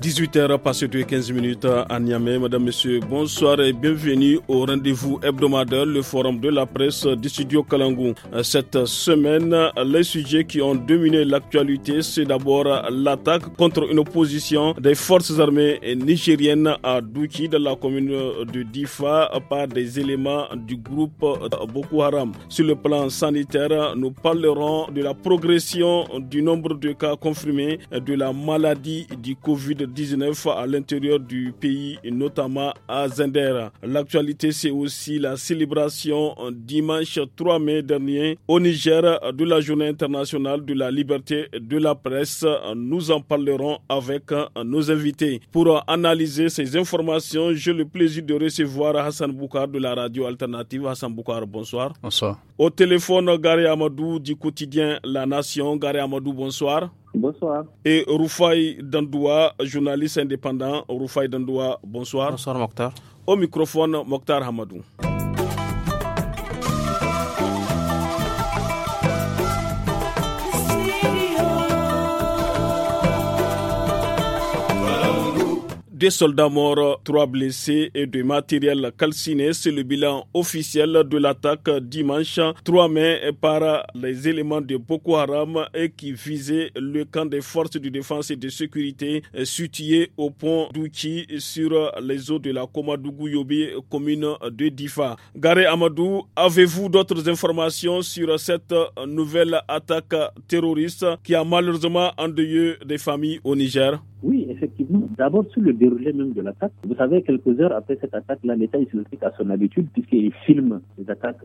18h passé 15 minutes à Niamey. Madame, Monsieur, bonsoir et bienvenue au rendez-vous hebdomadaire, le forum de la presse du studio Kalangou. Cette semaine, les sujets qui ont dominé l'actualité, c'est d'abord l'attaque contre une opposition des forces armées nigériennes à Douki, dans la commune de Difa, par des éléments du groupe Boko Haram. Sur le plan sanitaire, nous parlerons de la progression du nombre de cas confirmés de la maladie du Covid-19 à l'intérieur du pays, notamment à Zender. L'actualité, c'est aussi la célébration dimanche 3 mai dernier au Niger de la Journée internationale de la liberté de la presse. Nous en parlerons avec nos invités. Pour analyser ces informations, j'ai le plaisir de recevoir Hassan Boukar de la radio alternative. Hassan Boukar, bonsoir. Bonsoir. Au téléphone, Gary Amadou du quotidien La Nation. Gary Amadou, bonsoir. Bonsoir. Et Roufaï Dandoua, journaliste indépendant. Roufaï Dandoua, bonsoir. Bonsoir Mokhtar. Au microphone, Mokhtar Hamadou. deux soldats morts, trois blessés et du matériel calciné. C'est le bilan officiel de l'attaque dimanche 3 mai par les éléments de Boko Haram et qui visait le camp des forces de défense et de sécurité situé au pont d'Ouki sur les eaux de la Komadougou commune de Difa. Garé Amadou, avez-vous d'autres informations sur cette nouvelle attaque terroriste qui a malheureusement endeuillé des familles au Niger Oui, effectivement. D'abord sur le même de l'attaque. Vous savez, quelques heures après cette attaque-là, l'État islamique à son habitude, puisqu'il filme les attaques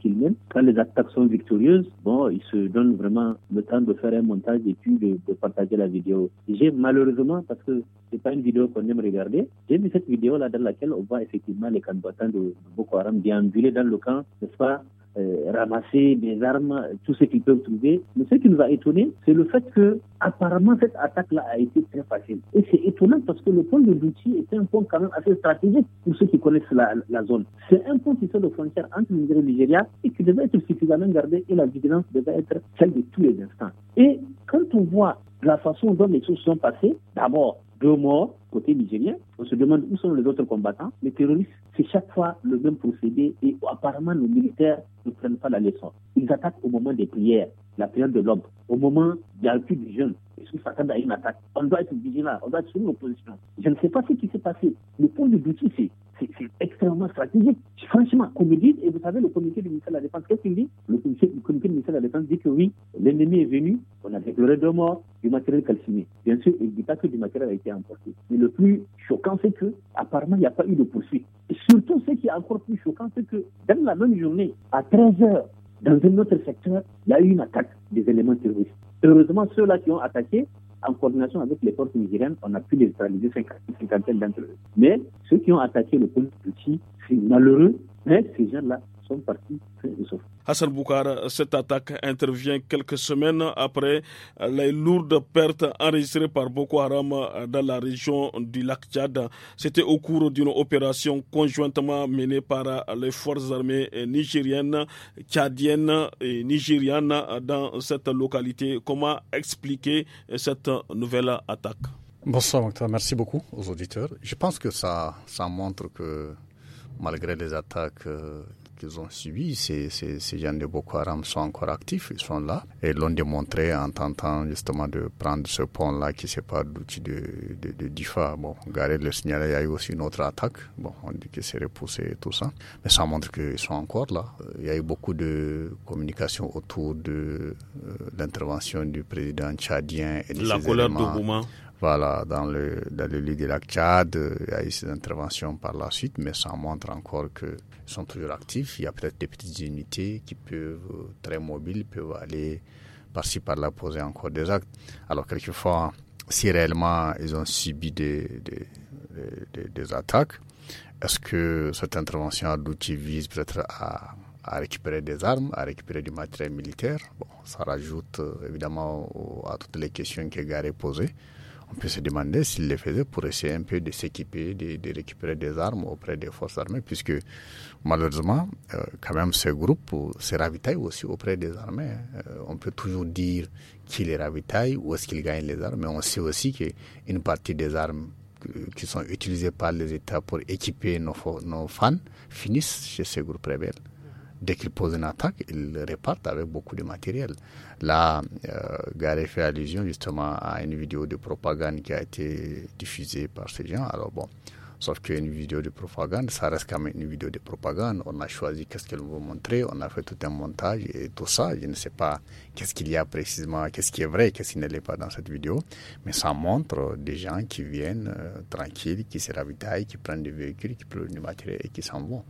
qu'il mène. Quand les attaques sont victorieuses, bon, il se donne vraiment le temps de faire un montage et puis de, partager la vidéo. J'ai malheureusement, parce que c'est pas une vidéo qu'on aime regarder, j'ai vu cette vidéo-là dans laquelle on voit effectivement les combattants de Boko Haram déambuler dans le camp, n'est-ce pas, euh, ramasser des armes, tout ce qu'ils peuvent trouver. Mais ce qui nous a étonné, c'est le fait que apparemment cette attaque-là a été très facile. Et c'est étonnant parce que le pont de Douti est un pont quand même assez stratégique pour ceux qui connaissent la, zone. C'est un pont qui sort de frontière entre le et le Nigeria et qui devait être suffisamment gardé et la vigilance devait être celle de tous les instants. Et quand on voit la façon dont les choses sont passées, d'abord deux morts, côté nigérien, on se demande où sont les autres combattants. Les terroristes, c'est chaque fois le même procédé et apparemment nos militaires ne prennent pas la leçon. Ils attaquent au moment des prières, la prière de l'homme, au moment des recul du jeûne. Est-ce qu'ils s'attendent à une attaque On doit être vigilant, on doit être sur une positions. Je ne sais pas ce qui s'est passé. Le point de doute, c'est c'est extrêmement stratégique. Franchement, comme me dites, et vous savez, le comité du ministère de la Défense, qu'est-ce qu'il dit le comité du ministère de la Défense dit que oui, l'ennemi est venu, on a déclaré de morts, du matériel calciné. Bien sûr, il ne dit pas que du matériel a été emporté. Mais le plus choquant, c'est que apparemment, il n'y a pas eu de poursuite. Et surtout, ce qui est encore plus choquant, c'est que dans la même journée, à 13 h dans un autre secteur, il y a eu une attaque des éléments terroristes. Heureusement, ceux-là qui ont attaqué en coordination avec les forces nigériennes, on a pu les neutraliser 50 d'entre eux. Mais ceux qui ont attaqué le pôle petit, c'est malheureux, mais hein, ces gens-là Hassan Boukar, cette attaque intervient quelques semaines après les lourdes pertes enregistrées par Boko Haram dans la région du lac Tchad. C'était au cours d'une opération conjointement menée par les forces armées nigériennes, tchadiennes et nigérianes dans cette localité. Comment expliquer cette nouvelle attaque Bonsoir, Merci beaucoup aux auditeurs. Je pense que ça, ça montre que malgré les attaques euh, qu'ils ont subi, ces, jeunes gens de Boko Haram sont encore actifs, ils sont là, et l'ont démontré en tentant justement de prendre ce pont-là qui sépare l'outil de, de, Difa. Bon, garer le signale, il y a eu aussi une autre attaque, bon, on dit que c'est repoussé et tout ça, mais ça montre qu'ils sont encore là. Euh, il y a eu beaucoup de communication autour de euh, l'intervention du président tchadien et de La colère de Bouma voilà, dans le, dans le lit de la Tchad, euh, il y a eu ces interventions par la suite, mais ça montre encore que sont toujours actifs. Il y a peut-être des petites unités qui peuvent, euh, très mobiles, peuvent aller par-ci par-là poser encore des actes. Alors quelquefois, si réellement ils ont subi des, des, attaques, est-ce que cette intervention d'outils vise peut-être à, récupérer des armes, à récupérer du matériel militaire Bon, ça rajoute euh, évidemment à toutes les questions que Gare posait. On peut se demander s'il les faisait pour essayer un peu de s'équiper, de, de, récupérer des armes auprès des forces armées, puisque Malheureusement, euh, quand même, ce groupe se ravitaillent aussi auprès des armées. Euh, on peut toujours dire qui les ravitaille, où est-ce qu'ils gagnent les armes, mais on sait aussi qu'une partie des armes qui sont utilisées par les États pour équiper nos, fans finissent chez ces groupes rebelles dès qu'ils posent une attaque, ils repartent avec beaucoup de matériel. Là, euh, Gare fait allusion justement à une vidéo de propagande qui a été diffusée par ces gens. Alors bon, Sauf une vidéo de propagande, ça reste quand même une vidéo de propagande. On a choisi qu'est-ce qu'elle veut montrer, on a fait tout un montage et tout ça. Je ne sais pas qu'est-ce qu'il y a précisément, qu'est-ce qui est vrai, qu'est-ce qui ne l'est pas dans cette vidéo. Mais ça montre des gens qui viennent euh, tranquilles, qui se ravitaillent, qui prennent des véhicules, qui prennent du matériel et qui s'en vont.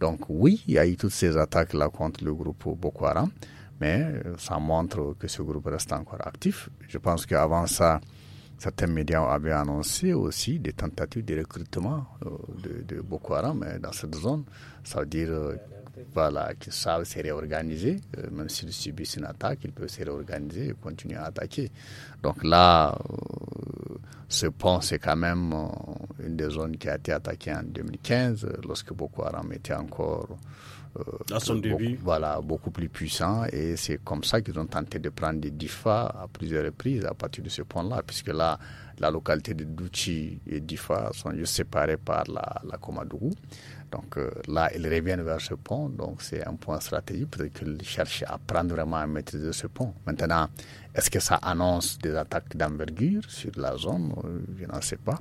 Donc oui, il y a eu toutes ces attaques-là contre le groupe Boko Haram, mais euh, ça montre que ce groupe reste encore actif. Je pense qu'avant ça, certains médias avaient annoncé aussi des tentatives de recrutement euh, de, Boko Haram euh, dans cette zone. Ça veut dire euh, voilà, qu'ils savent se réorganiser, même s'ils subissent une attaque, ils peuvent se réorganiser et continuer à attaquer. Donc là, ce pont, c'est quand même une des zones qui a été attaquée en 2015, lorsque Boko Haram était encore à euh, son beaucoup, Voilà, beaucoup plus puissant. Et c'est comme ça qu'ils ont tenté de prendre des DIFA à plusieurs reprises à partir de ce point-là, puisque là, la localité de Douchi et Difa sont juste séparées par la, la Komadougou. Donc euh, là, ils reviennent vers ce pont. Donc c'est un point stratégique. peut qu'ils cherchent à prendre vraiment à maîtriser ce pont. Maintenant, est-ce que ça annonce des attaques d'envergure sur la zone euh, Je n'en sais pas.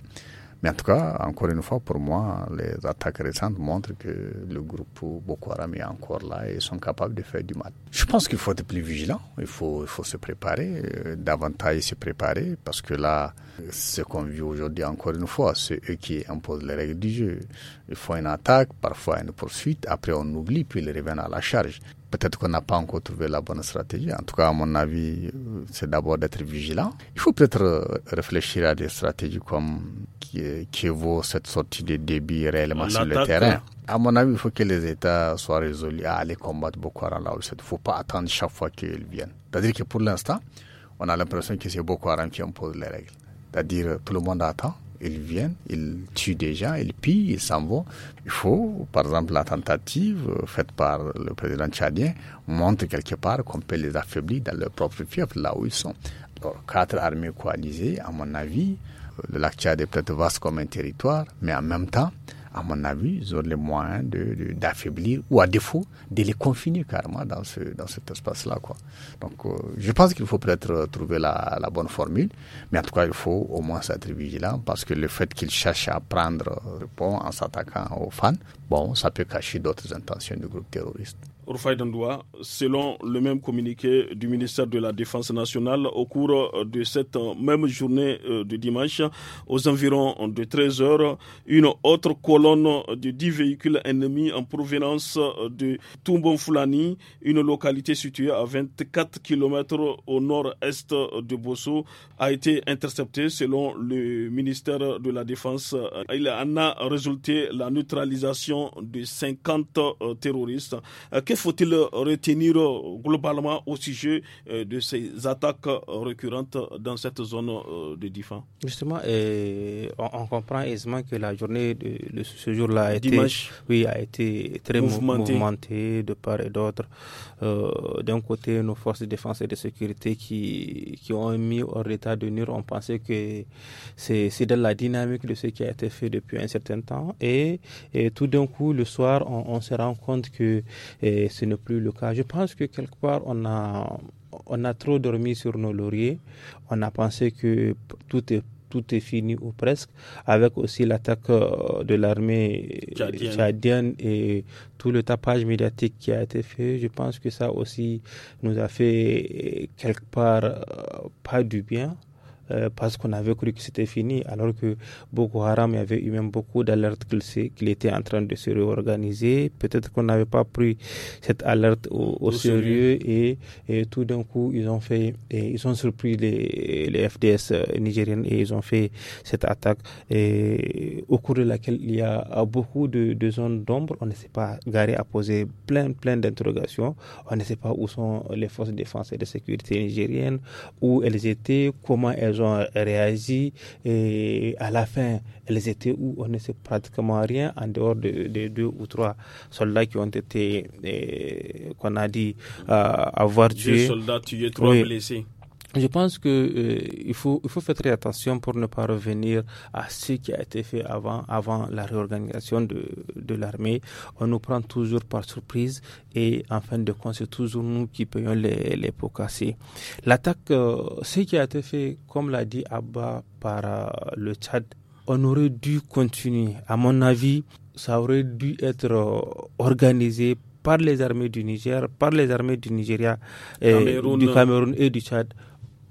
Mais en tout cas, encore une fois, pour moi, les attaques récentes montrent que le groupe Boko Haram est encore là et sont capables de faire du mal. Je pense qu'il faut être plus vigilant, il faut, il faut se préparer, euh, davantage se préparer, parce que là, ce qu'on vit aujourd'hui, encore une fois, c'est eux qui imposent les règles du jeu. Ils font une attaque, parfois une poursuite, après on oublie, puis ils reviennent à la charge peut-être qu'on n'a pas encore trouvé la bonne stratégie. En tout cas, à mon avis, c'est d'abord d'être vigilant. Il faut peut-être euh, réfléchir à des stratégies comme qui, qui vaut cette sortie de débit réellement sur le terrain. À mon avis, il faut que les États soient résolus à aller combattre Boko Haram là où Il ne faut pas attendre chaque fois qu'ils viennent. C'est-à-dire que pour l'instant, on a l'impression que c'est Boko Haram qui impose les règles. C'est-à-dire euh, tout le monde attend, ils viennent, ils tuent des gens, ils pillent, ils s'en vont. Il faut, par exemple, la tentative euh, faite par le président tchadien montre quelque part qu'on peut les affaiblir dans leur propre fief, là où ils sont. Alors, quatre armées coalisées, à mon avis, euh, le lac Tchad est peut-être vaste comme un territoire, mais en même temps, à mon avis, ils ont les moyens d'affaiblir ou à défaut de les confiner carrément dans, ce, dans cet espace-là. Quoi. Donc euh, je pense qu'il faut peut-être trouver la, la, bonne formule, mais en tout cas il faut au moins s'être vigilant parce que le fait qu'ils cherchent à prendre le euh, pont en s'attaquant aux fans, bon, ça peut cacher d'autres intentions du groupe terroriste selon le même communiqué du ministère de la Défense nationale, au cours euh, de cette euh, même journée euh, de dimanche, aux environs de 13 heures, une autre colonne de 10 véhicules ennemis en provenance de Toumbon foulani une localité située à 24 km au nord-est de Bosso, a été interceptée selon le ministère de la Défense. Il en a résulté la neutralisation de 50 terroristes faut-il retenir globalement au sujet euh, de ces attaques récurrentes dans cette zone euh, de défense Justement, on, comprend aisément que la journée de, ce jour-là a, été, oui, a été très mouvementée, de part et d'autre. Euh, d'un côté, nos forces de défense et de sécurité qui, qui ont mis hors état de nuire, on pensait que c'est de la dynamique de ce qui a été fait depuis un certain temps. Et, et tout d'un coup, le soir, on, se rend compte que eh, et ce n'est plus le cas. Je pense que quelque part, on a, on a trop dormi sur nos lauriers. On a pensé que tout est tout est fini ou presque, avec aussi l'attaque euh, de l'armée tchadienne. et tout le tapage médiatique qui a été fait. Je pense que ça aussi nous a fait quelque part euh, pas du bien. Euh, parce qu'on avait cru que c'était fini, alors que Boko Haram, y avait eu même beaucoup d'alertes qu'il était en train de se réorganiser. Peut-être qu'on n'avait pas pris cette alerte au, sérieux, Et, tout d'un coup, ils ont fait, ils ont surpris les, les FDS euh, nigériennes et ils ont fait cette attaque et, au cours de laquelle il y a beaucoup de, zones d'ombre. On ne s'est pas garé à poser plein, plein d'interrogations. On ne sait pas où sont les forces de défense et de sécurité nigériennes, où elles étaient, comment elles ont réagi et à la fin, elles étaient où on ne sait pratiquement rien en dehors des de deux ou trois soldats qui ont été, eh, qu'on a dit, euh, avoir tués. Deux soldats tués, trois blessés. Je pense que euh, il faut il faut faire très attention pour ne pas revenir à ce qui a été fait avant avant la réorganisation de de l'armée. On nous prend toujours par surprise et en fin de compte c'est toujours nous qui payons les les pots cassés. L'attaque, euh, ce qui a été fait, comme l'a dit Abba par euh, le Tchad, on aurait dû continuer. À mon avis, ça aurait dû être organisé par les armées du Niger, par les armées du Nigeria, et du Cameroun et du Tchad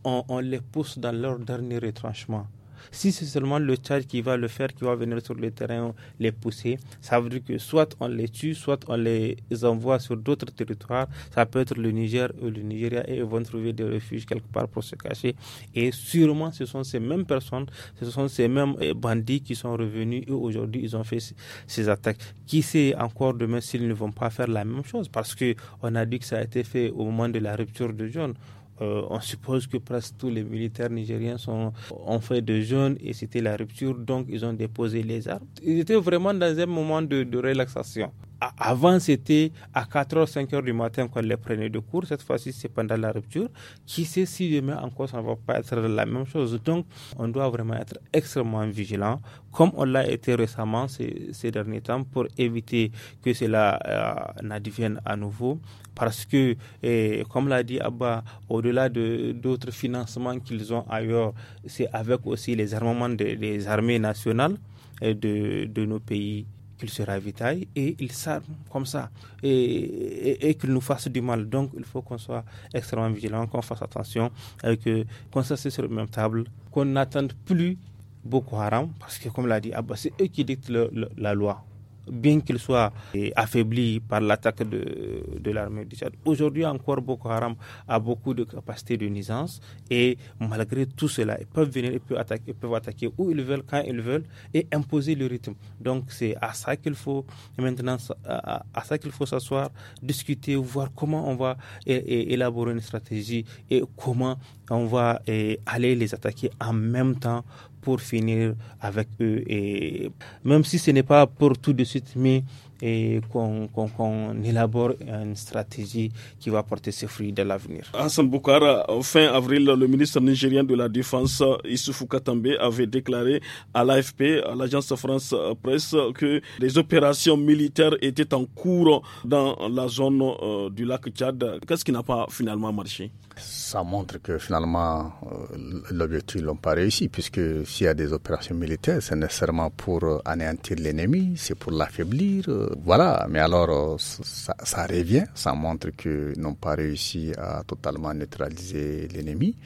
on, les pousse dans leur dernier retranchement. Si c'est seulement le Tchad qui va le faire, qui va venir sur le terrain les pousser, ça veut dire que soit on les tue, soit on les envoie sur d'autres territoires. Ça peut être le Niger ou le Nigeria et ils vont trouver des refuges quelque part pour se cacher. Et sûrement, ce sont ces mêmes personnes, ce sont ces mêmes eh, bandits qui sont revenus et aujourd'hui ils ont fait ces attaques. Qui sait encore demain s'ils ne vont pas faire la même chose parce que on a dit que ça a été fait au moment de la rupture de John. Euh, on suppose que presque tous les militaires nigériens sont, ont fait de jeunes et c'était la rupture, donc ils ont déposé les armes. Ils étaient vraiment dans un moment de relaxation avant, c'était à 4h, 5h du matin qu'on les prenait de cours. Cette fois-ci, c'est pendant la rupture. Qui sait si demain encore, ça ne va pas être la même chose. Donc, on doit vraiment être extrêmement vigilant, comme on l'a été récemment ces, derniers temps, pour éviter que cela euh, n'advienne à nouveau. Parce que, eh, comme l'a dit Abba, au-delà d'autres financements qu'ils ont ailleurs, c'est avec aussi les armements des armées nationales eh, de, de nos pays qu'ils se ravitaillent et ils s'arment comme ça et, et, qu'ils nous fassent du mal. Donc il faut qu'on soit extrêmement vigilant, qu'on fasse attention, que qu'on s'assied sur la même table, qu'on n'attende plus beaucoup Haram, parce que comme l'a dit Abbas, c'est eux qui dictent la loi bien qu'il soit euh, affaibli par l'attaque de, l'armée du Tchad. Aujourd'hui encore, Boko Haram a beaucoup de capacités de nuisance et malgré tout cela, ils peuvent venir, ils peuvent attaquer, peuvent attaquer où ils veulent, quand ils veulent et imposer le rythme. Donc c'est à ça qu'il faut maintenant, à, ça qu'il faut s'asseoir, discuter, voir comment on va élaborer une stratégie et comment on va aller les attaquer en même temps pour finir avec eux. Et même si ce n'est pas pour tout de suite, mais et qu'on élabore une stratégie qui va porter ses fruits de l'avenir. Hassan Boukara, fin avril, le ministre nigérien de la Défense, Issoufou Katambe, avait déclaré à l'AFP, à l'agence France Presse, que les opérations militaires étaient en cours dans la zone euh, du lac Tchad. Qu'est-ce qui n'a pas finalement marché Ça montre que finalement, euh, l'objectif n'ont pas réussi, puisque s'il y a des opérations militaires, c'est nécessairement pour euh, anéantir l'ennemi, c'est pour l'affaiblir voilà, mais alors euh, ça, revient, ça montre qu'ils n'ont pas réussi à totalement neutraliser l'ennemi.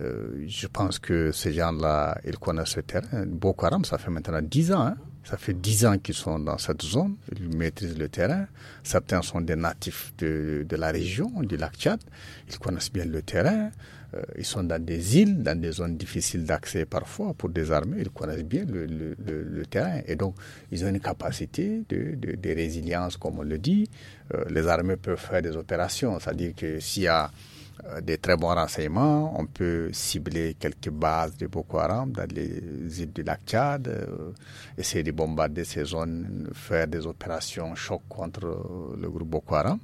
Euh, je pense que ces gens-là, ils connaissent le terrain. Boko Haram, ça fait maintenant 10 ans. Hein. Ça fait 10 ans qu'ils sont dans cette zone. Ils maîtrisent le terrain. Certains sont des natifs de, de la région, du lac Tchad. Ils connaissent bien le terrain. Euh, ils sont dans des îles, dans des zones difficiles d'accès parfois pour des armées. Ils connaissent bien le, terrain. Et donc, ils ont une capacité de, résilience, comme on le dit. Euh, les armées peuvent faire des opérations. C'est-à-dire que s'il y a euh, des très bons renseignements. On peut cibler quelques bases de Boko Haram dans les îles du lac Tchad, essayer de bombarder ces zones, faire des opérations choc contre le groupe Boko Haram.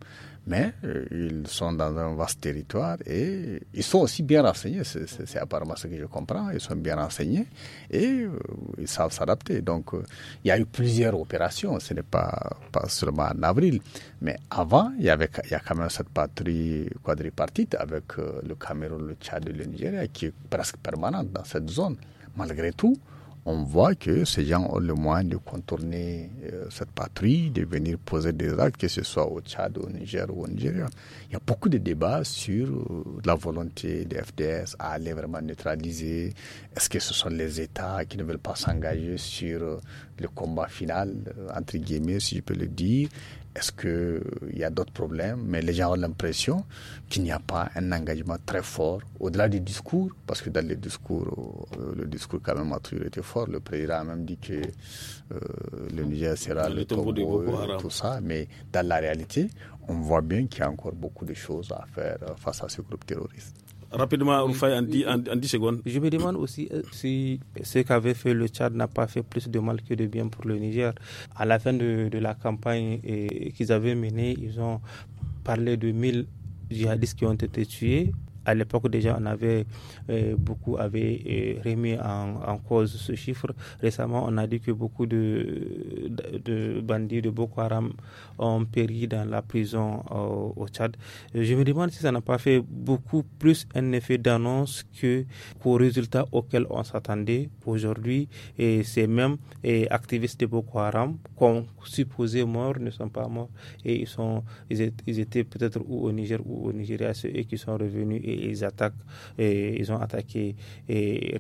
Mais euh, ils sont dans un vaste territoire et ils sont aussi bien renseignés. C'est apparemment ce que je comprends. Ils sont bien renseignés et euh, ils savent s'adapter. Donc, euh, il y a eu plusieurs opérations. Ce n'est pas, pas seulement en avril. Mais avant, il y, avait, il y a quand même cette patrie quadripartite avec le Cameroun, le Tchad et le Nigeria qui est presque permanente dans cette zone. Malgré tout, on voit que ces gens ont le moyen de contourner euh, cette patrie, de venir poser des actes, que ce soit au Tchad, au Niger ou au Nigeria. Il y a beaucoup de débats sur euh, la volonté des FDS à aller vraiment neutraliser. Est-ce que ce sont les États qui ne veulent pas s'engager sur euh, le combat final, entre guillemets, si je peux le dire est-ce qu'il euh, y a d'autres problèmes Mais les gens ont l'impression qu'il n'y a pas un engagement très fort au-delà du discours, parce que dans les discours, euh, le discours quand même a toujours été fort. Le président a même dit que euh, le Niger sera le, le Tout ça, mais dans la réalité, on voit bien qu'il y a encore beaucoup de choses à faire face à ce groupe terroriste. Rapidement, en, 10, secondes. Je me demande aussi euh, si ce qu'avait fait le Tchad n'a pas fait plus de mal que de bien pour le Niger. À la fin de, de la campagne qu'ils avaient menée, ils ont parlé de 1000 djihadistes qui ont été tués à l'époque déjà, on avait euh, beaucoup avaient euh, remis en, cause ce chiffre. Récemment, on a dit que beaucoup de, de, bandits de Boko Haram ont péri dans la prison au, Tchad. Euh, je me demande si ça n'a pas fait beaucoup plus un effet d'annonce que pour résultats auxquels on s'attendait aujourd'hui. Et ces mêmes activistes de Boko Haram, qu'on supposait morts, ne sont pas morts et ils sont ils, étaient peut-être au Niger ou au Nigeria ceux qui sont revenus et ils attaquent, ils ont attaqué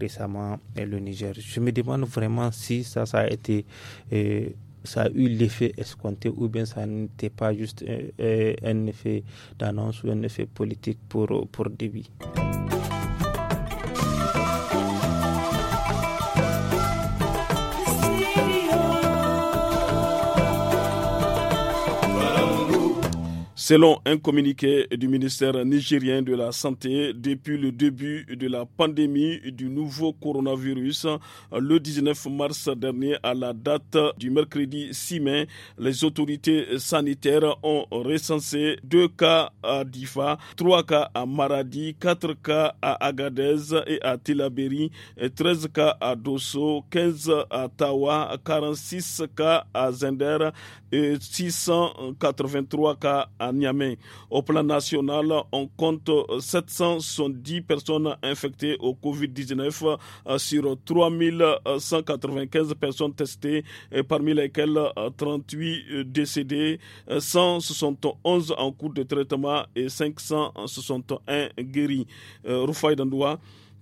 récemment le Niger. Je me demande vraiment si ça, a été ça a eu l'effet escompté ou bien ça n'était pas juste euh, euh, un, effet d'annonce ou un effet politique pour, pour débit. Selon un communiqué du ministère nigérien de la Santé, depuis le début de la pandémie du nouveau coronavirus, le 19 mars dernier à la date du mercredi 6 mai, les autorités sanitaires ont recensé deux cas à Difa, trois cas à Maradi, quatre cas à Agadez et à Tilaberi, 13 cas à Dosso, 15 à Tawa, 46 cas à Zender et 683 cas à au plan national, on compte 770 personnes infectées au Covid-19 euh, sur 3195 personnes testées, parmi lesquelles 38 euh, euh, décédés, 171 en cours de traitement et 561 guéris.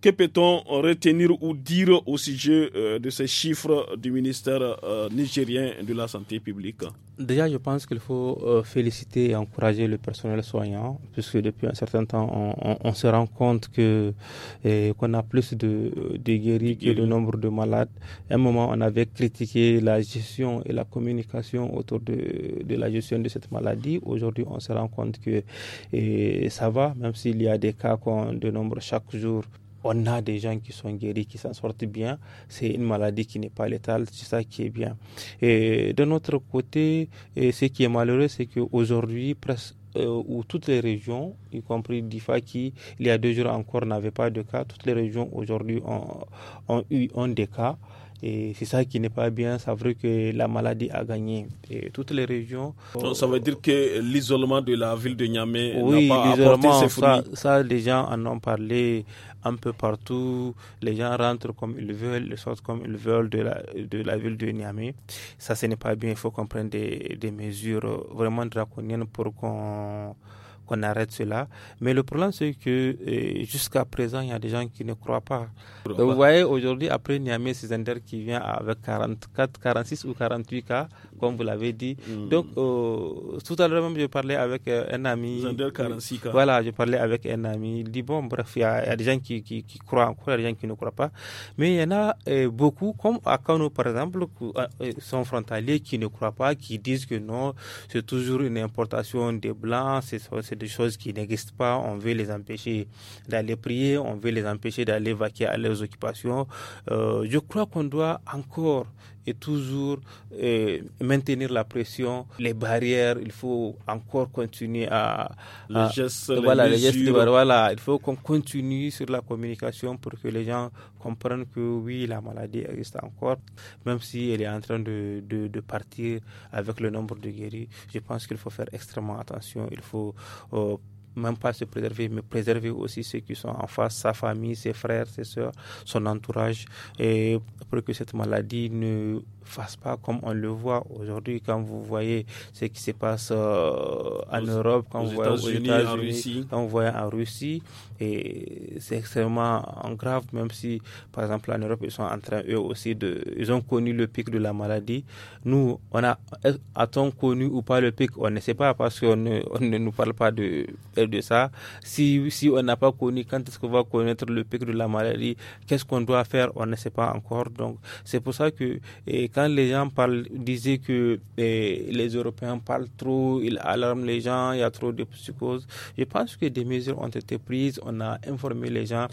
Que peut-on retenir ou dire au sujet euh, de ces chiffres du ministère euh, nigérien de la Santé publique Déjà, je pense qu'il faut euh, féliciter et encourager le personnel soignant, puisque depuis un certain temps, on, se rend compte que qu'on a plus de, de guéris que le nombre de malades. À un moment, on avait critiqué la gestion et la communication autour de, la gestion de cette maladie. Aujourd'hui, on se rend compte que ça va, même s'il y a des cas de nombre chaque jour on a des gens qui sont guéris, qui s'en sortent bien. C'est une maladie qui n'est pas létale, c'est ça qui est bien. Et de notre côté, et ce qui est malheureux, c'est qu'aujourd'hui, presque euh, toutes les régions, y compris DIFA qui, il y a deux jours encore, n'avait pas de cas, toutes les régions aujourd'hui ont, eu ont des cas. Et c'est ça qui n'est pas bien, ça veut dire que la maladie a gagné. Et toutes les régions. ça veut dire que l'isolement de la ville de Niamey n'a pas apporté ses fruits. ça, les gens en ont parlé un peu partout. Les gens rentrent comme ils veulent, ils sortent comme ils veulent de la, de la ville de Niamey. Ça, ce n'est pas bien. Il faut qu'on prenne des, des mesures vraiment draconiennes pour qu'on qu'on arrête cela. Mais le problème, c'est que eh, jusqu'à présent, il y a des gens qui ne croient pas. vous voyez, aujourd'hui, après Niamey, c'est Zender qui vient avec 44, 46 ou 48 cas comme vous l'avez dit. Mm. Donc, euh, tout à l'heure même, je parlais avec euh, un ami. voilà, je parlais avec un ami. Il dit, bon, bref, il y, a des gens qui, croient encore, il y a des gens qui ne croient pas. Mais il y en a euh, beaucoup, comme à Kano, par exemple, qui sont frontaliers, qui ne croient pas, qui disent que non, c'est toujours une importation des Blancs, c'est des choses qui n'existent pas. On veut les empêcher d'aller prier, on veut les empêcher d'aller vaquer à leurs occupations. je crois qu'on doit encore et toujours euh, maintenir la pression, les barrières, il faut encore continuer à... Les les voilà, il faut qu'on continue sur la communication pour que les gens comprennent que oui, la maladie existe encore, même si elle est en train de, de, partir avec le nombre de guéris. Je pense qu'il faut faire extrêmement attention, il faut... Euh, même pas se préserver, mais préserver aussi ceux qui sont en face, sa famille, ses frères, ses soeurs, son entourage, et pour que cette maladie ne fasse pas comme on le voit aujourd'hui quand vous voyez ce qui se passe euh, en Europe, quand vous voyez aux États-Unis, en Russie, et c'est extrêmement grave, même si par exemple en Europe ils sont en train eux aussi de, ils ont connu le pic de la maladie. Nous, on a, a-t-on connu ou pas le pic On ne sait pas parce qu'on on ne nous parle pas de de ça Si, si on n'a pas connu, quand est-ce qu'on va connaître le pic de la maladie Qu'est-ce qu'on doit faire On ne sait pas encore. Donc, c'est pour ça que et quand les gens parlent, disaient que les Européens parlent trop, ils alarment les gens, il y a trop de psychoses. Je pense que des mesures ont été prises, on a informé les gens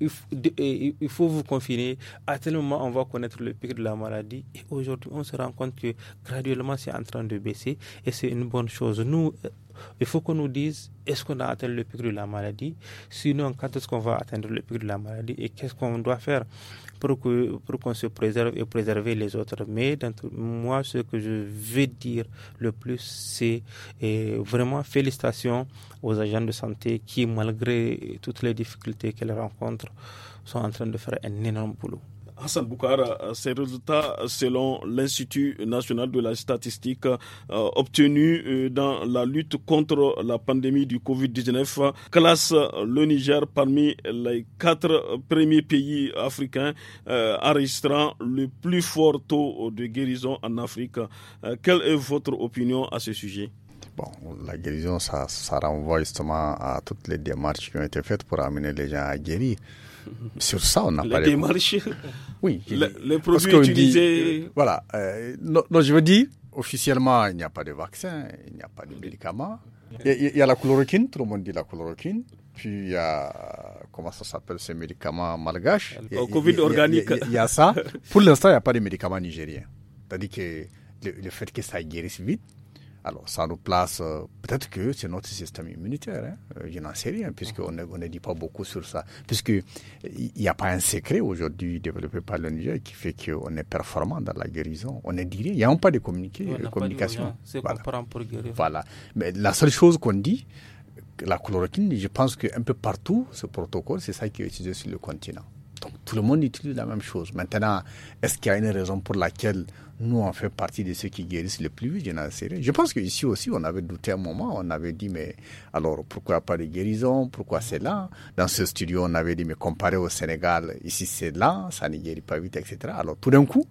il faut vous confiner. À tel moment, on va connaître le pic de la maladie. Et aujourd'hui, on se rend compte que graduellement, c'est en train de baisser. Et c'est une bonne chose. Nous, il faut qu'on nous dise est-ce qu'on a atteint le pic de la maladie, sinon quand est-ce qu'on va atteindre le pic de la maladie et qu'est-ce qu'on doit faire pour qu'on se préserve et préserver les autres. Mais moi, ce que je veux dire le plus, c'est vraiment félicitations aux agents de santé qui, malgré toutes les difficultés qu'elles rencontrent, sont en train de faire un énorme boulot. Hassan Boukhar, ces résultats, selon l'Institut national de la statistique, euh, obtenus euh, dans la lutte contre la pandémie du Covid-19, classent le Niger parmi les quatre premiers pays africains euh, enregistrant le plus fort taux de guérison en Afrique. quelle est votre opinion à ce sujet? la guérison, ça, ça renvoie justement à toutes les démarches qui ont été faites pour amener les gens à guérir. Sur ça, on n'a pas les démarches. Oui. les produits utilisés. voilà. Euh, non, je veux dire, officiellement, il n'y a pas de vaccin, il n'y a pas de médicaments. Il y, a, la chloroquine, tout le monde dit la chloroquine. Puis il y a, comment ça s'appelle, ces médicaments malgaches. Covid il, organique. Il y, a, ça. Pour l'instant, il n'y a pas de médicaments nigériens. C'est-à-dire que le, le fait que ça guérisse vite, alors ça nous place, euh, peut-être que c'est notre système immunitaire, hein. euh, je n'en sais rien, puisqu'on ne, on ne dit pas beaucoup sur ça. Puisqu'il n'y a pas un secret aujourd'hui développé par le qui fait qu'on est performant dans la guérison. On ne dit il n'y a pas de euh, communication. C'est voilà. pour guérir. Voilà. Mais la seule chose qu'on dit, la chloroquine, je pense qu'un peu partout, ce protocole, c'est ça qui est utilisé sur le continent. Donc tout le monde utilise la même chose. Maintenant, est-ce qu'il y a une raison pour laquelle nous, on fait partie de ceux qui guérissent le plus vite Je Je pense qu'ici aussi, on avait douté un moment. On avait dit, mais alors, pourquoi pas de guérison Pourquoi c'est là Dans ce studio, on avait dit, mais comparé au Sénégal, ici c'est là, ça ne guérit pas vite, etc. Alors, tout d'un coup,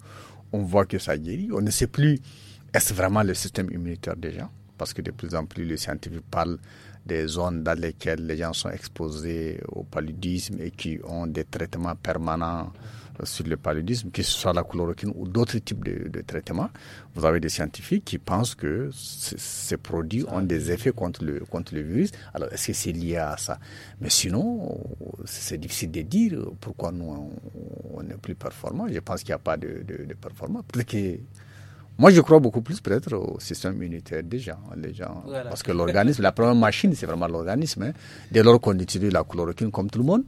on voit que ça guérit. On ne sait plus, est-ce vraiment le système immunitaire des gens parce que de plus en plus les scientifiques parlent des zones dans lesquelles les gens sont exposés au paludisme et qui ont des traitements permanents sur le paludisme, que ce soit la chloroquine ou d'autres types de, traitements. Vous avez des scientifiques qui pensent que ces produits ont des effets contre le, contre le virus. Alors, est-ce que c'est lié à ça Mais sinon, c'est difficile de dire pourquoi nous, on n'est plus performant. Je pense qu'il n'y a pas de, de, performance. Moi, je crois beaucoup plus peut-être au système immunitaire des gens. Les gens Parce que l'organisme, la première machine, c'est vraiment l'organisme. Hein. Dès lors qu'on utilise la chloroquine comme tout le monde,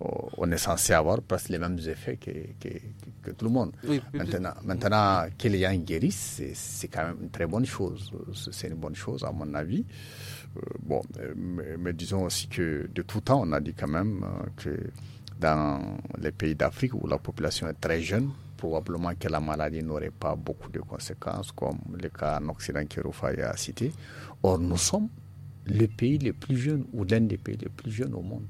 oh, on est censé avoir presque les mêmes effets que, que, tout le monde. maintenant, maintenant y que les gens guérissent, c'est quand même une très bonne chose. C'est une bonne chose, à mon avis. Euh, bon, euh, mais, mais, disons aussi que de tout temps, on a dit quand même euh, que dans les pays d'Afrique où la population est très jeune, probablement que la maladie n'aurait pas beaucoup de conséquences, comme le cas en Occident qu'Erofay a cité. Or, nous sommes le pays le plus jeune, ou l'un des pays les plus jeunes au monde.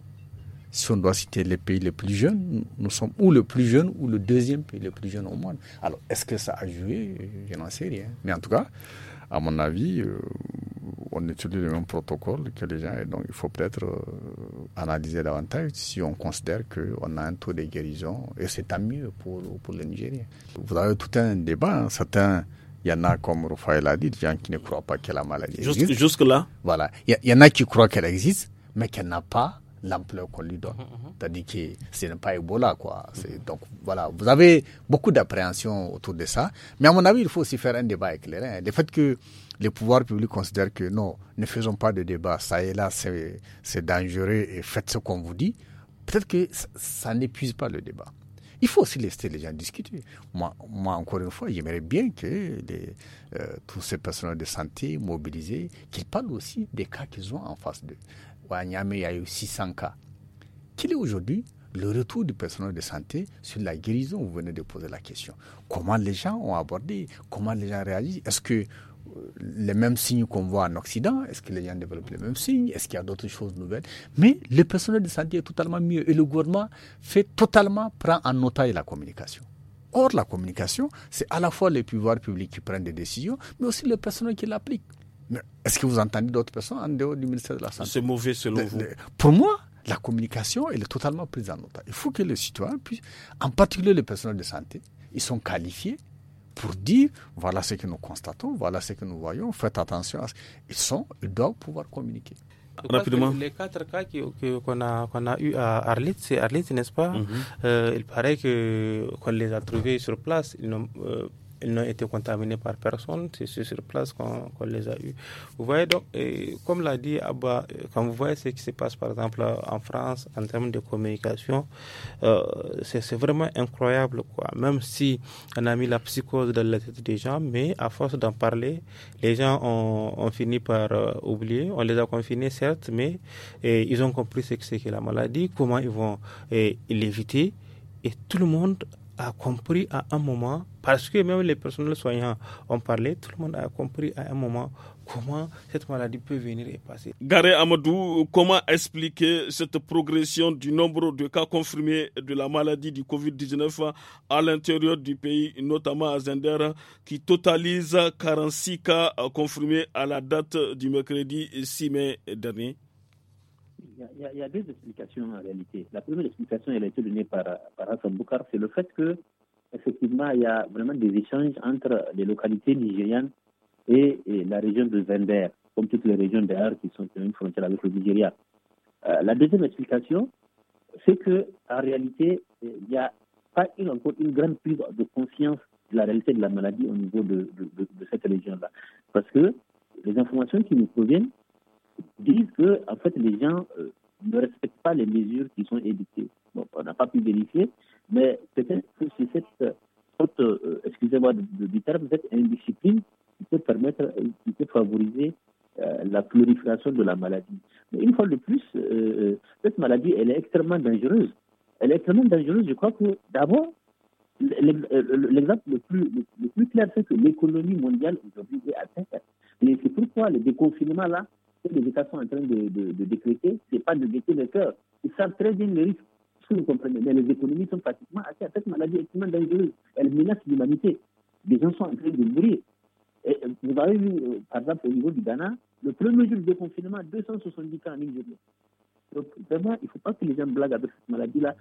Si on doit citer les pays les plus jeunes, nous sommes ou le plus jeune ou le deuxième pays le plus jeune au monde. Alors, est-ce que ça a joué Je n'en sais rien. Mais en tout cas, à mon avis, euh, on utilise le même protocole que les gens, et donc il faut peut-être euh, analyser davantage si on considère qu'on a un taux de guérison, et c'est tant mieux pour, pour les Nigériens. Vous avez tout un débat, hein. certains il y en a, comme Rufaï l'a dit, des qui ne croient pas que la maladie existe. Jusque-là Voilà. Il y, en a qui croient qu'elle existe, mais qu'elle n'a pas l'ampleur qu'on lui donne. Mm-hmm, mm-hmm. C'est-à-dire que ce n'est pas Ebola, quoi. Mm-hmm. Donc, voilà. Vous avez beaucoup d'appréhension autour de ça. Mais à mon avis, il faut aussi faire un débat éclairé. Hein. Le fait que les pouvoirs publics considèrent que non, ne faisons pas de débat, ça et là, c'est dangereux et faites ce qu'on vous dit, peut-être que ça, n'épuise pas le débat. Il faut aussi laisser les gens discuter. Moi, moi encore une fois, j'aimerais bien que euh, tous ces personnels de santé mobilisés, qu'ils parlent aussi des cas qu'ils ont en face d'eux. À Niamey, il y a eu 600 cas. Quel est aujourd'hui le retour du personnel de santé sur la guérison Vous venez de poser la question. Comment les gens ont abordé Comment les gens réagissent Est-ce que les mêmes signes qu'on voit en Occident Est-ce que les gens développent les mêmes signes Est-ce qu'il y a d'autres choses nouvelles Mais le personnel de santé est totalement mieux et le gouvernement fait totalement, prend en otage la communication. Or, la communication, c'est à la fois les pouvoirs publics qui prennent des décisions, mais aussi le personnel qui l'applique. Est-ce que vous entendez d'autres personnes en dehors du ministère de la Santé C'est mauvais selon vous. pour moi, la communication, elle est totalement prise en otage. Il faut que les citoyens puissent, en particulier les personnels de santé, ils sont qualifiés, pour dire voilà ce que nous constatons, voilà ce que nous voyons, faites attention. À ce... Ils sont, ils doivent pouvoir communiquer. Rapidement. Les quatre cas qu'on a, qu'on eu à Arlit, c'est Arlit, n'est-ce pas mhm. euh, Il paraît qu'on les a trouvés sur place. Ils n'ont euh, ils n'ont été contaminés par personne. C'est sur place qu'on les a eus. Vous voyez donc, comme l'a dit Abba, euh, quand vous voyez ce qui se passe par exemple euh, en France en termes de communication, euh, c'est vraiment incroyable. Quoi. Même si on a mis la psychose dans la tête des gens, mais à force d'en parler, les gens ont, fini par oublier. On les a confinés, certes, mais ils ont compris ce que c'est que la maladie, comment ils vont l'éviter. Et tout le monde a compris à un moment, parce que même les personnels soignants ont parlé, tout le monde a compris à un moment comment cette maladie peut venir et passer. Garé Amadou, comment expliquer cette progression du nombre de cas confirmés de la maladie du Covid-19 à l'intérieur du pays, notamment à Zender, qui totalise 46 cas confirmés à la date du mercredi 6 mai dernier il y, a deux explications en réalité. La première explication, elle a été donnée par, par Hassan Boukar, c'est le fait que effectivement, il y a vraiment des échanges entre les localités nigérianes et, la région de Zender, comme toutes les régions d'ailleurs qui sont une frontière avec le Nigeria. Euh, la deuxième explication, c'est que en réalité, il n'y a pas encore une grande prise de conscience de la réalité de la maladie au niveau de cette région-là. Parce que les informations qui nous proviennent, disent que en fait les gens euh, ne respectent pas les mesures qui sont édictées. on n'a pas pu vérifier, mais peut-être que c'est cette, euh, faute euh, excusez-moi du terme, cette indiscipline qui peut permettre, peut favoriser la prolifération de la maladie. Mais une fois de plus, cette maladie, elle est extrêmement dangereuse. Elle est extrêmement dangereuse. Je crois que d'abord, L'exemple le plus, le plus clair, c'est que l'économie mondiale aujourd'hui est atteinte. Mais c'est pourquoi le déconfinement, là, les États sont en train de, décréter, ce n'est pas de décréter de cœur. Ils savent très bien les risques, si vous comprenez. Mais les économies sont pratiquement à Cette maladie est extrêmement dangereuse. Elle menace l'humanité. Les gens sont en train de mourir. Euh, vous avez vu, euh, par exemple, au niveau du Ghana, le premier jour de confinement, 270 cas en Donc, vraiment, il ne faut pas que les gens blaguent avec cette maladie-là.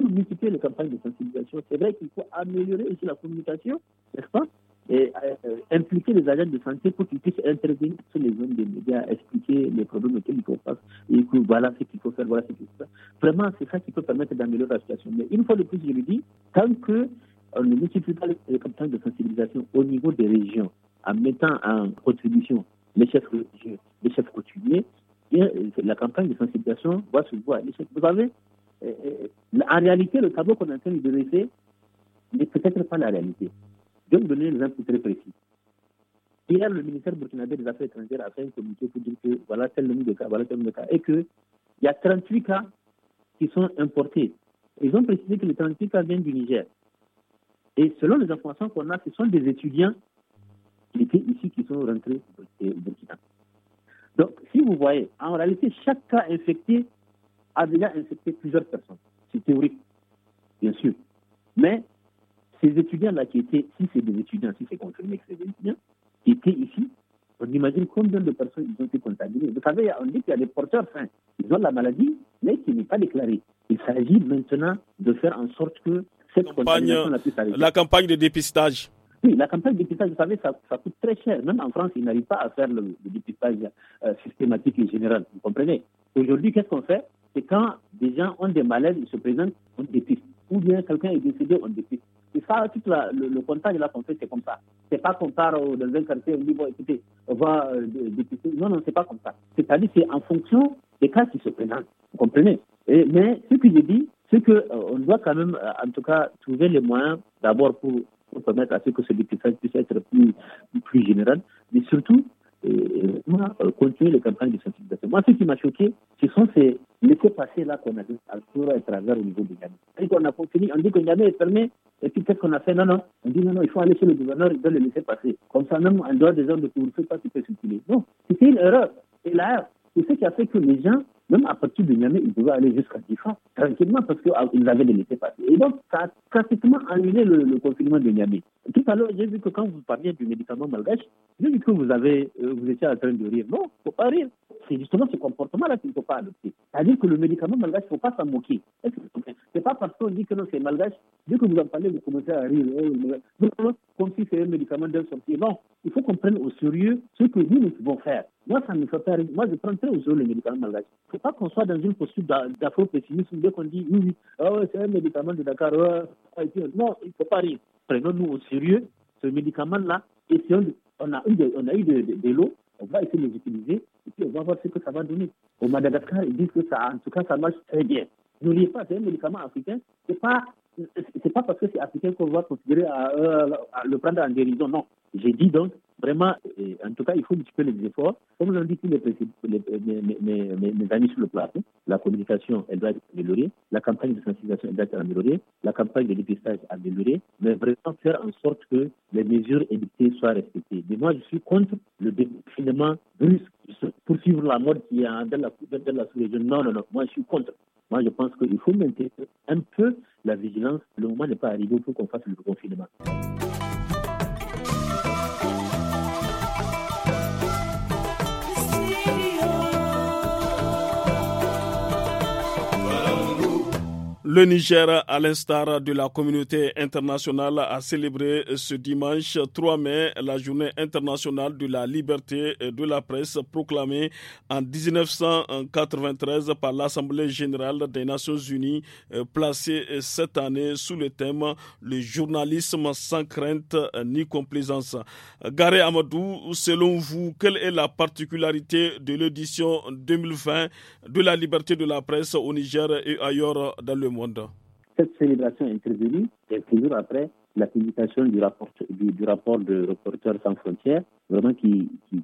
Il faut multiplier les campagnes de sensibilisation. C'est vrai qu'il faut améliorer aussi la communication, n'est-ce pas et euh, impliquer les agents de santé pour qu'ils puissent intervenir sur les zones des médias, expliquer les problèmes auxquels ils font face et voilà ce qu'il faut faire, voilà ce qu'il faut faire. Vraiment, c'est ça qui peut permettre d'améliorer la situation. Mais une fois de plus, je le dis, tant que on ne multiplie pas les campagnes de sensibilisation au niveau des régions, en mettant en contribution les chefs religieux, les chefs coutumiers, euh, la campagne de sensibilisation va se voir. Vous savez, euh, en réalité, le tableau qu'on est en train de dresser n'est peut-être pas la réalité. Je vais vous donner un exemple très précis. Hier, le ministère burkinabé des Affaires étrangères a fait un communiqué pour dire que voilà tel nombre de cas, voilà tel nombre de cas, et qu'il y a 38 cas qui sont importés. Ils ont précisé que les 38 cas viennent du Niger. Et selon les informations qu'on a, ce sont des étudiants qui étaient ici qui sont rentrés au Burkina. Donc, si vous voyez, en réalité, chaque cas infecté a déjà infecté plusieurs personnes. C'est théorique, bien sûr. Mais ces étudiants-là qui étaient, si c'est des étudiants, si c'est confirmé que c'est des étudiants, qui étaient ici, on imagine combien de personnes ils ont été contaminées. Vous savez, on dit qu'il y a des porteurs sains. Ils ont la maladie, mais qui n'est pas déclaré. Il s'agit maintenant de faire en sorte que cette campagne, La campagne de dépistage. Oui, la campagne de dépistage, vous savez, ça, coûte très cher. Même en France, ils n'arrivent pas à faire le, dépistage euh, systématique et général. Vous comprenez Aujourd'hui, qu'est-ce qu'on fait C'est quand des gens ont des malaises, ils se présentent, on dépiste ou bien quelqu'un est décédé, on décide. Et ça, tout le, le, de la qu'on fait, c'est comme ça. C'est pas qu'on euh, part dans un quartier, on dit, bon, écoutez, on va euh, dépister. Non, non, c'est pas comme ça. C'est-à-dire, c'est en fonction des cas qui se prennent. Vous comprenez Mais ce que je dis c'est qu'on euh, on doit quand même, en tout cas, trouver les moyens d'abord pour, permettre à ce que ce dépistage puisse être plus, plus général, mais surtout, continuer les campagnes de sensibilisation. Moi, ce qui m'a choqué, ce sont ces, laissez-passer là qu'on a dit à à travers au niveau de gamins. Et qu'on a fini, on dit que Niamey est fermé, et puis qu'est-ce qu'on a fait Non, non, on dit non, non, il faut aller chez le gouverneur, il doit le laisser passer. Comme ça, même en dehors des gens de couvre-feu, pas qui peut circuler. Non, c'était une erreur. Et là, c'est ce qui a fait que les gens même à partir de Niamey, ils pouvaient aller jusqu'à Difa, tranquillement, parce qu'ils ah, avaient des laissés passer. Et donc, ça a pratiquement annulé le, confinement de Niamey. Tout à l'heure, j'ai vu que quand vous parliez du médicament malgache, j'ai vu que vous, avez, euh, vous étiez en train de rire. Non, il ne faut pas rire. C'est justement ce comportement-là qu'il ne faut pas adopter. C'est-à-dire que le médicament malgache, il ne faut pas s'en moquer. Ce n'est pas parce qu'on dit que non, c'est malgache. Dès que vous en parlez, vous commencez à rire. Comme si c'était un médicament d'un sorcier. Non, il faut qu'on prenne au sérieux ce que nous, nous pouvons faire. Moi, ça me fait rien Moi, je prends très au sérieux le médicament malgache. Il ne faut pas qu'on soit dans une posture d'afro-pessimisme dès qu'on dit oui, oui, ah c'est un médicament de Dakar. Non, il ne faut pas rire. Prenons-nous au sérieux ce médicament-là. Et si on, a eu de, on a eu de, de, l'eau, on va essayer de les utiliser et puis on va voir ce que ça va donner. Au Madagascar, ils disent que ça, en tout cas, ça marche très bien. N'oubliez pas, c'est un médicament africain. C'est pas c'est pas parce que c'est africain qu'on va considérer à, euh, le prendre en dérision. Non. J'ai dit donc, vraiment, en tout cas, il faut multiplier les efforts. Comme l'ont dit tous les, mes, amis sur le plateau, la communication, elle doit être améliorée. La campagne de sensibilisation, elle doit être améliorée. La campagne de dépistage, améliorée. Mais vraiment faire en sorte que les mesures édictées soient respectées. Mais moi, je suis contre le déconfinement brusque pour suivre la mode qui est en la, de la sous-région. Non, non, non. Moi, je suis contre. Moi, je pense qu'il faut maintenir un peu la vigilance. Le moment n'est pas arrivé pour qu'on fasse le confinement. Le Niger, à l'instar de la communauté internationale, a célébré ce dimanche 3 mai la journée internationale de la liberté de la presse proclamée en 1993 par l'Assemblée générale des Nations unies, euh, placée cette année sous le thème Le journalisme sans crainte ni complaisance. Garé Amadou, selon vous, quelle est la particularité de l'édition 2020 de la liberté de la presse au Niger et ailleurs dans le monde Cette célébration est intervenue quelques jours après la publication du rapport, du, rapport de Reporters sans frontières, vraiment qui, qui,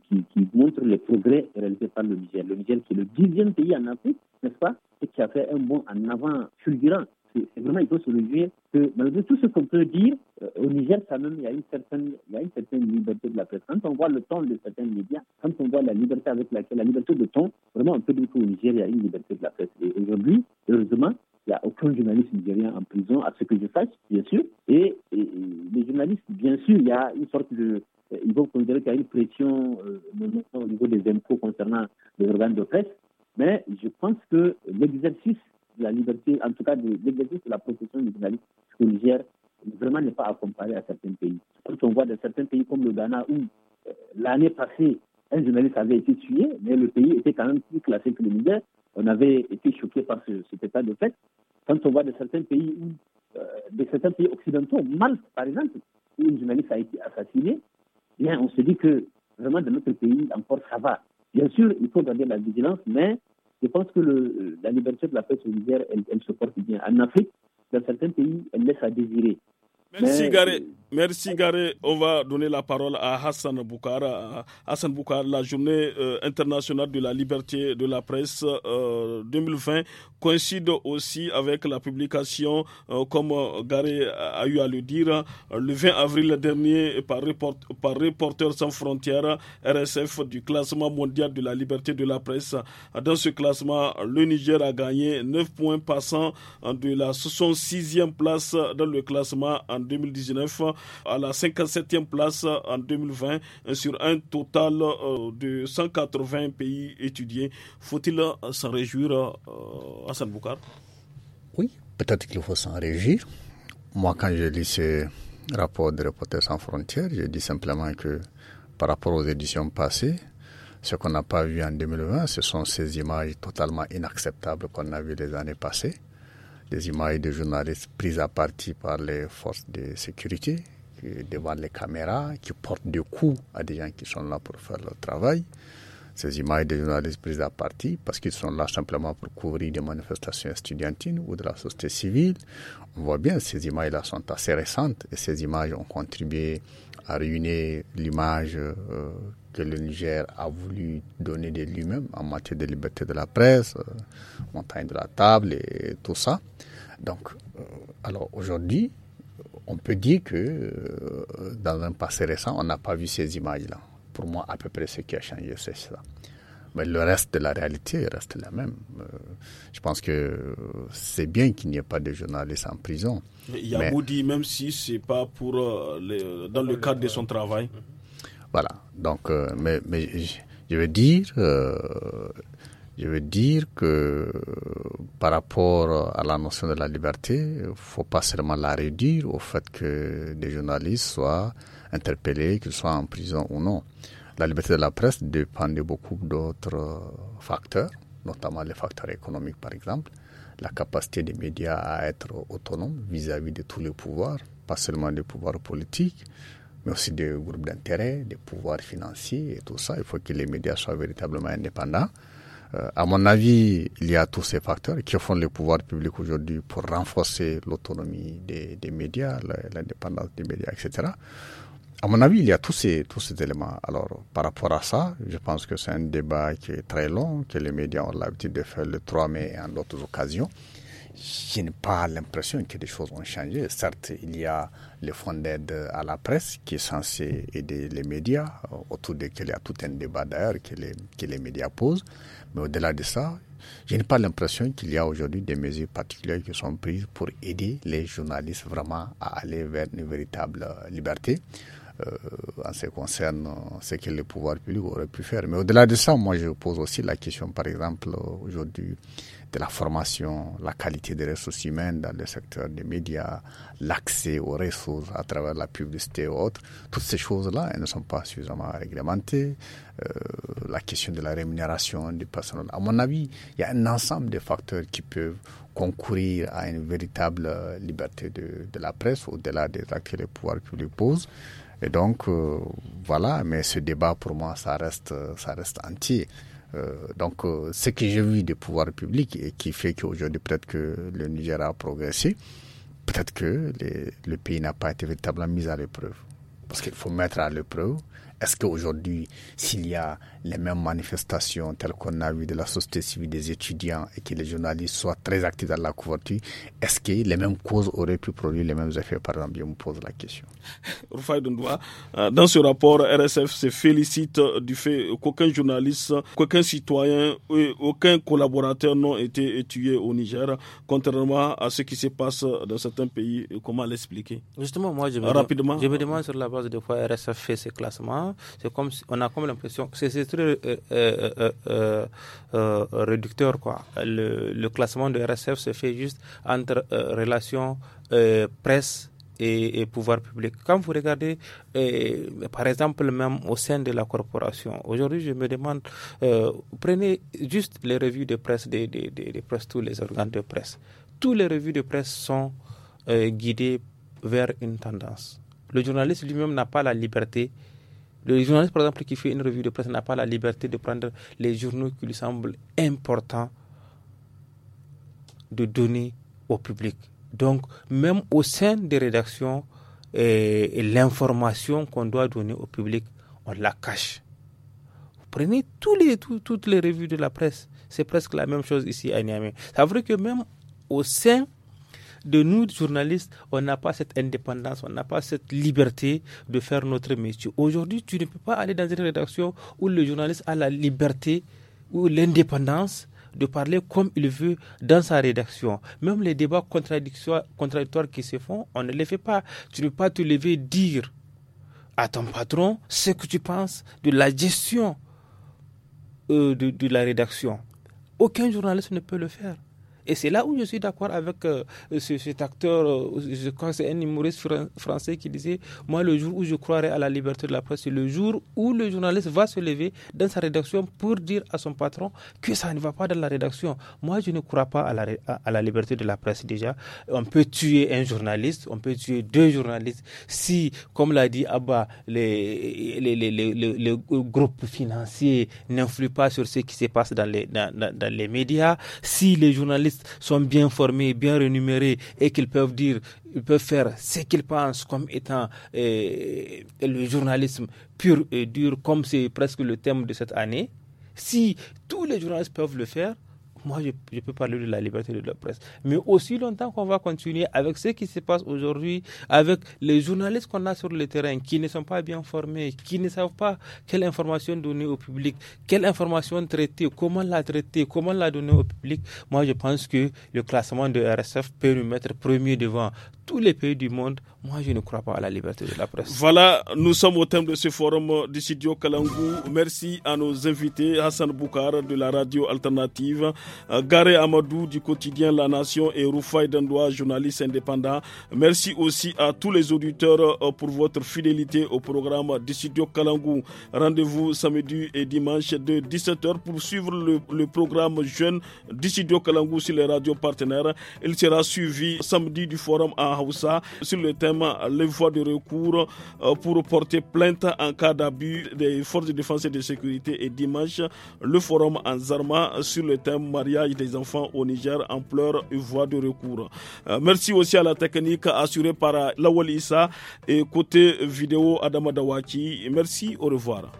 montre les progrès réalisés par le Niger. Le Niger qui est le dixième pays en Afrique, n'est-ce pas, et qui a fait un bond en avant fulgurant. C'est vraiment, il faut se réjouir que malgré tout ce qu'on peut dire, euh, au Niger, ça même, il y, a une certaine, il y a une certaine liberté de la presse. Quand on voit le ton de certains médias, quand on voit la liberté avec laquelle, la liberté de ton, vraiment, on peut dire qu'au Niger, il y a une liberté de la presse. Et aujourd'hui, heureusement, il n'y a aucun journaliste nigérien en prison, à ce que je sache, bien sûr. Et, les journalistes, bien sûr, il y a une sorte de. Euh, ils vont considérer qu'il y a une pression euh, au niveau des impôts concernant les organes de presse. Mais je pense que l'exercice de la liberté, en tout cas de, l'exercice de la profession des journalistes au Niger, vraiment n'est pas à comparer à certains pays. Quand on voit dans certains pays comme le Ghana, où euh, l'année passée, un journaliste avait été tué, mais le pays était quand même plus classé que le Niger on avait été choqué par ce, cet état de fait. Quand on voit de certains pays, euh, de occidentaux, Malte par exemple, où une journaliste a été assassinée, eh bien, on se dit que vraiment dans notre pays, encore ça va. Bien sûr, il faut garder la vigilance, mais je pense que euh, la liberté de la presse solidaire, elle, elle se porte bien. En Afrique, dans certains pays, elle laisse à désirer. Merci Gare. On va donner la parole à Hassan Boukara. Hassan Boukara, la journée euh, internationale de la liberté de la presse 2020 euh, coïncide aussi avec la publication, euh, comme Gare a, eu à le dire, le 20 avril dernier par, par Reporters sans frontières, RSF, du classement mondial de la liberté de la presse. Dans ce classement, le Niger a gagné 9 points passant de la 66e place dans le classement en 2019 à la 57e place en 2020 sur un total euh, de 180 pays étudiés. Faut-il s'en réjouir, à euh, Hassan Boukar Oui, peut-être qu'il faut s'en réjouir. Moi, quand je lis ce rapport de Reporters sans frontières, je dis simplement que par rapport aux éditions passées, ce qu'on n'a pas vu en 2020, ce sont ces images totalement inacceptables qu'on a vues les années passées des images de journalistes prises à partie par les forces de sécurité devant les caméras, qui portent des coups à des gens qui sont là pour faire leur travail. Ces images de journalistes prises à partie parce qu'ils sont là simplement pour couvrir des manifestations estudiantines ou de la société civile. On voit bien, ces images-là sont assez récentes et ces images ont contribué à réunir l'image euh, que le Niger a voulu donner de lui-même en matière de liberté de la presse, euh, montagne de la table et tout ça. Donc, euh, alors aujourd'hui, on peut dire que euh, dans un passé récent, on n'a pas vu ces images-là. Pour moi, à peu près ce qui a changé, c'est ça. Mais le reste de la réalité reste la même. Euh, je pense que c'est bien qu'il n'y ait pas de journalistes en prison. Il y a même si c'est pas pour dans le cadre de son travail. Voilà. Donc, mais je veux dire, je veux dire que euh, par rapport à la notion de la liberté, il ne faut pas seulement la réduire au fait que des journalistes soient interpellés, qu'ils soient en prison ou non. La liberté de la presse dépend de beaucoup d'autres euh, facteurs, notamment les facteurs économiques par exemple, la capacité des médias à être autonomes vis-à-vis de tous les pouvoirs, pas seulement des pouvoirs politiques, mais aussi des groupes d'intérêt, des pouvoirs financiers et tout ça. Il faut que les médias soient véritablement indépendants. Euh, à mon avis, il y a tous ces facteurs qui font le pouvoir public aujourd'hui pour renforcer l'autonomie des, des, médias, l'indépendance des médias, etc. À mon avis, il y a tous ces, tous ces éléments. Alors, par rapport à ça, je pense que c'est un débat qui est très long, que les médias ont l'habitude de faire le 3 mai et en d'autres occasions je n'ai pas l'impression que des choses ont changé. Certes, il y a le fonds d'aide à la presse qui est censé aider les médias, euh, autour desquels il y a tout un débat d'ailleurs que les, que les médias posent. Mais au-delà de ça, je n'ai pas l'impression qu'il y a aujourd'hui des mesures particulières qui sont prises pour aider les journalistes vraiment à aller vers une véritable euh, liberté. Euh, en ce qui concerne ce que le pouvoir public aurait pu faire. Mais au-delà de ça, moi, je pose aussi la question, par exemple, aujourd'hui, de la formation, la qualité des ressources humaines dans le secteur des médias, l'accès aux ressources à travers la publicité ou autre. Toutes ces choses-là, elles ne sont pas suffisamment réglementées. Euh, la question de la rémunération du personnel. À mon avis, il y a un ensemble de facteurs qui peuvent concourir à une véritable euh, liberté de, de la presse au-delà des actes que les pouvoirs publics posent. Et donc, euh, voilà, mais ce débat, pour moi, ça reste, ça reste entier. Euh, donc, euh, ce que j'ai vu des pouvoirs publics et qui fait qu'aujourd'hui, peut-être que le Niger a progressé, peut-être que le pays n'a pas été véritablement mis à l'épreuve. Parce qu'il faut mettre à l'épreuve est-ce qu'aujourd'hui, s'il y a les mêmes manifestations telles qu'on a vu de la société civile des étudiants et que les journalistes soient très actifs dans la couverture, est-ce que les mêmes causes auraient pu produire les mêmes effets Par exemple, je me pose la question. Euh, dans ce rapport, RSF se félicite euh, du fait qu'aucun journaliste, qu'aucun citoyen, aucun collaborateur n'ont été tués au Niger, contrairement à ce qui se passe dans certains pays. Comment l'expliquer Justement, moi, je me, Rapidement. je me demande sur la base de quoi RSF fait ses classements c'est comme on a comme l'impression que c'est très euh, euh, euh, réducteur quoi. Le, classement de RSF se fait juste entre relations presse et, pouvoir public. Quand vous regardez, par exemple, même au sein de la corporation, aujourd'hui, je me demande, prenez juste les revues de presse des, des, tous les organes de presse. Tous les revues de presse sont euh, guidées vers une tendance. Le journaliste lui-même n'a pas la liberté le journaliste, par exemple, qui fait une revue de presse n'a pas la liberté de prendre les journaux qui lui semblent importants de donner au public. Donc, même au sein des rédactions, eh, et l'information qu'on doit donner au public, on la cache. Vous prenez tous les, toutes les revues de la presse, c'est presque la même chose ici à Niamey. Ça veut que même au sein de nous, journalistes, on n'a pas cette indépendance, on n'a pas cette liberté de faire notre métier. Aujourd'hui, tu ne peux pas aller dans une rédaction où le journaliste a la liberté ou l'indépendance de parler comme il veut dans sa rédaction. Même les débats contradictoires, qui se font, on ne les fait pas. Tu ne peux pas te lever dire à ton patron ce que tu penses de la gestion euh, de la rédaction. Aucun journaliste ne peut le faire. Et c'est là où je suis d'accord avec euh, cet acteur, euh, je crois que c'est un humoriste français qui disait Moi, le jour où je croirai à la liberté de la presse, c'est le jour où le journaliste va se lever dans sa rédaction pour dire à son patron que ça ne va pas dans la rédaction. Moi, je ne crois pas à la, à, la liberté de la presse déjà. On peut tuer un journaliste, on peut tuer deux journalistes si, comme l'a dit Abba, les, les, les, les groupes financiers n'influent pas sur ce qui se passe dans les, dans les médias, si les journalistes sont bien formés, bien rémunérés et qu'ils peuvent dire, ils peuvent faire ce qu'ils pensent comme étant euh, le journalisme pur et dur, comme c'est presque le thème de cette année, si tous les journalistes peuvent le faire, moi je, peux parler de la liberté de la presse. Mais aussi longtemps qu'on va continuer avec ce qui se passe aujourd'hui, avec les journalistes qu'on a sur le terrain, qui ne sont pas bien formés, qui ne savent pas quelle information donner au public, quelle information traiter, comment la traiter, comment la donner au public, moi je pense que le classement de RSF peut nous mettre premier devant tous les pays du monde, moi je ne crois pas à la liberté de la presse. Voilà, nous sommes au thème de ce forum du Kalangou. Merci à nos invités, Hassan Boukar de la radio alternative, euh, Garé Amadou du quotidien La Nation et Rufai Dandoua, journaliste indépendant. Merci aussi à tous les auditeurs euh, pour votre fidélité au programme du Kalangou. Rendez-vous samedi et dimanche de 17h pour suivre le, programme Jeune d'Issidio Kalangou sur les radios partenaires. Il sera suivi samedi du forum à sur le thème euh, les voies de recours euh, pour porter plainte en cas d'abus des forces de défense et de sécurité et dimanche le forum en Zarma sur le thème mariage des enfants au Niger en pleurs et voies de recours. Euh, merci aussi à la technique assurée par la Issa et côté vidéo Adama Merci, au revoir.